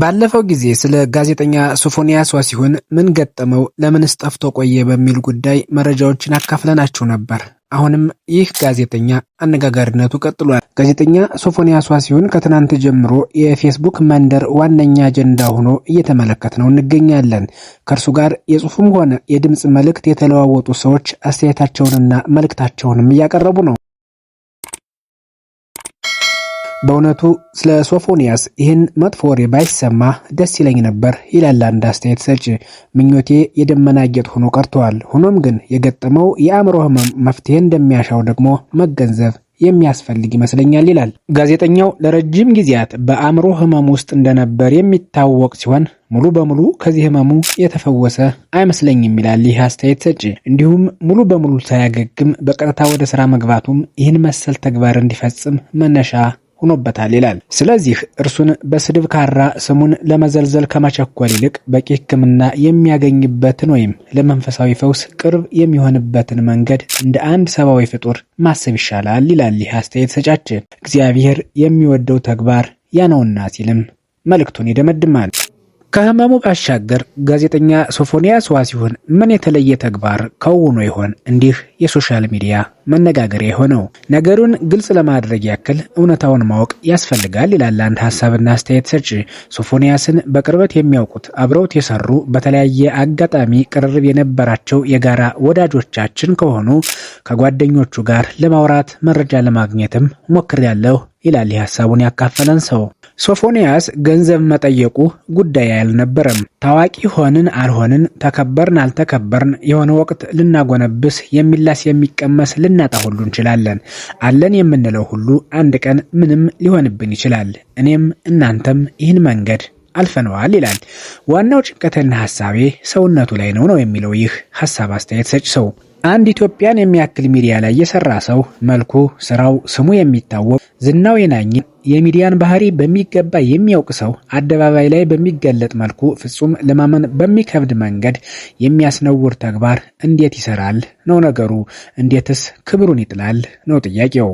ባለፈው ጊዜ ስለ ጋዜጠኛ ሶፎንያስ ዋሲሁን ምን ገጠመው፣ ለምንስ ጠፍቶ ቆየ በሚል ጉዳይ መረጃዎችን አካፍለናችሁ ነበር። አሁንም ይህ ጋዜጠኛ አነጋጋሪነቱ ቀጥሏል። ጋዜጠኛ ሶፎንያስ ዋሲሁን ከትናንት ጀምሮ የፌስቡክ መንደር ዋነኛ አጀንዳ ሆኖ እየተመለከትነው እንገኛለን። ከእርሱ ጋር የጽሁፍም ሆነ የድምፅ መልእክት የተለዋወጡ ሰዎች አስተያየታቸውንና መልእክታቸውንም እያቀረቡ ነው። በእውነቱ ስለ ሶፎንያስ ይህን መጥፎ ወሬ ባይሰማ ደስ ይለኝ ነበር ይላል አንድ አስተያየት ሰጭ። ምኞቴ የደመና ጌጥ ሆኖ ቀርተዋል። ሆኖም ግን የገጠመው የአእምሮ ህመም መፍትሄ እንደሚያሻው ደግሞ መገንዘብ የሚያስፈልግ ይመስለኛል ይላል ጋዜጠኛው። ለረጅም ጊዜያት በአእምሮ ህመም ውስጥ እንደነበር የሚታወቅ ሲሆን ሙሉ በሙሉ ከዚህ ህመሙ የተፈወሰ አይመስለኝም ይላል ይህ አስተያየት ሰጪ። እንዲሁም ሙሉ በሙሉ ሳያገግም በቀጥታ ወደ ስራ መግባቱም ይህን መሰል ተግባር እንዲፈጽም መነሻ ሆኖበታል ይላል። ስለዚህ እርሱን በስድብ ካራ ስሙን ለመዘልዘል ከመቸኮል ይልቅ በቂ ሕክምና የሚያገኝበትን ወይም ለመንፈሳዊ ፈውስ ቅርብ የሚሆንበትን መንገድ እንደ አንድ ሰብአዊ ፍጡር ማሰብ ይሻላል ይላል ይህ አስተያየት ሰጫች። እግዚአብሔር የሚወደው ተግባር ያነውና ሲልም መልእክቱን ይደመድማል። ከህመሙ ባሻገር ጋዜጠኛ ሶፎንያስ ዋሲሁን ምን የተለየ ተግባር ከውኖ ይሆን? እንዲህ የሶሻል ሚዲያ መነጋገሪያ የሆነው። ነገሩን ግልጽ ለማድረግ ያክል እውነታውን ማወቅ ያስፈልጋል ይላል አንድ ሀሳብና አስተያየት ሰጪ። ሶፎንያስን በቅርበት የሚያውቁት አብረውት የሰሩ በተለያየ አጋጣሚ ቅርርብ የነበራቸው የጋራ ወዳጆቻችን ከሆኑ ከጓደኞቹ ጋር ለማውራት መረጃ ለማግኘትም ሞክሬያለሁ ይላል ሀሳቡን ያካፈለን ሰው። ሶፎንያስ ገንዘብ መጠየቁ ጉዳይ አልነበረም። ታዋቂ ሆንን አልሆንን፣ ተከበርን አልተከበርን የሆነ ወቅት ልናጎነብስ የሚላ በምላስ የሚቀመስ ልናጣ ሁሉ እንችላለን። አለን የምንለው ሁሉ አንድ ቀን ምንም ሊሆንብን ይችላል። እኔም እናንተም ይህን መንገድ አልፈነዋል ይላል። ዋናው ጭንቀትና ሀሳቤ ሰውነቱ ላይ ነው ነው የሚለው ይህ ሀሳብ አስተያየት ሰጭ ሰው አንድ ኢትዮጵያን የሚያክል ሚዲያ ላይ የሰራ ሰው መልኩ፣ ስራው፣ ስሙ የሚታወቅ ዝናው የናኝ የሚዲያን ባህሪ በሚገባ የሚያውቅ ሰው አደባባይ ላይ በሚገለጥ መልኩ ፍጹም ለማመን በሚከብድ መንገድ የሚያስነውር ተግባር እንዴት ይሰራል ነው ነገሩ። እንዴትስ ክብሩን ይጥላል ነው ጥያቄው።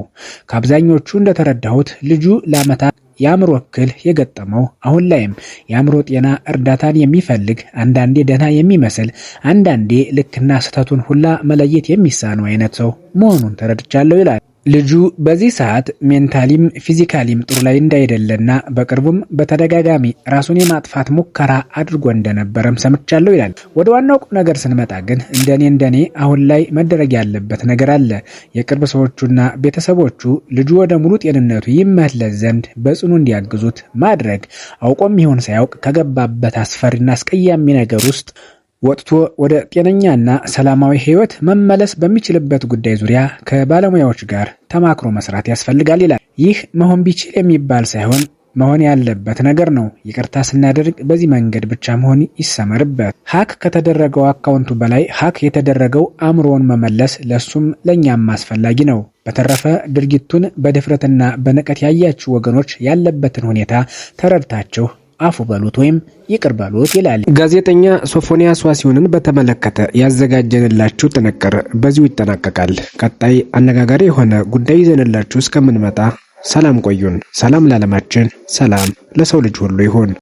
ከአብዛኞቹ እንደተረዳሁት ልጁ ለዓመታት የአእምሮ እክል የገጠመው አሁን ላይም የአእምሮ ጤና እርዳታን የሚፈልግ አንዳንዴ ደህና የሚመስል አንዳንዴ ልክና ስህተቱን ሁላ መለየት የሚሳነው አይነት ሰው መሆኑን ተረድቻለሁ ይላል። ልጁ በዚህ ሰዓት ሜንታሊም ፊዚካሊም ጥሩ ላይ እንዳይደለና በቅርቡም በተደጋጋሚ ራሱን የማጥፋት ሙከራ አድርጎ እንደነበረም ሰምቻለሁ ይላል። ወደ ዋናው ቁም ነገር ስንመጣ ግን እንደኔ እንደኔ አሁን ላይ መደረግ ያለበት ነገር አለ። የቅርብ ሰዎቹና ቤተሰቦቹ ልጁ ወደ ሙሉ ጤንነቱ ይመለስ ዘንድ በጽኑ እንዲያግዙት ማድረግ አውቆም ይሆን ሳያውቅ ከገባበት አስፈሪና አስቀያሚ ነገር ውስጥ ወጥቶ ወደ ጤነኛና ሰላማዊ ህይወት መመለስ በሚችልበት ጉዳይ ዙሪያ ከባለሙያዎች ጋር ተማክሮ መስራት ያስፈልጋል ይላል። ይህ መሆን ቢችል የሚባል ሳይሆን መሆን ያለበት ነገር ነው። ይቅርታ ስናደርግ በዚህ መንገድ ብቻ መሆን ይሰመርበት። ሀክ ከተደረገው አካውንቱ በላይ ሀክ የተደረገው አእምሮውን መመለስ ለሱም ለእኛም አስፈላጊ ነው። በተረፈ ድርጊቱን በድፍረትና በንቀት ያያችሁ ወገኖች ያለበትን ሁኔታ ተረድታችሁ አፉ በሉት ወይም ይቅር በሉት ይላል። ጋዜጠኛ ሶፎንያስ ዋሲሁንን በተመለከተ ያዘጋጀንላችሁ ጥንቅር በዚሁ ይጠናቀቃል። ቀጣይ አነጋጋሪ የሆነ ጉዳይ ይዘንላችሁ እስከምንመጣ ሰላም ቆዩን። ሰላም ለዓለማችን፣ ሰላም ለሰው ልጅ ሁሉ ይሁን።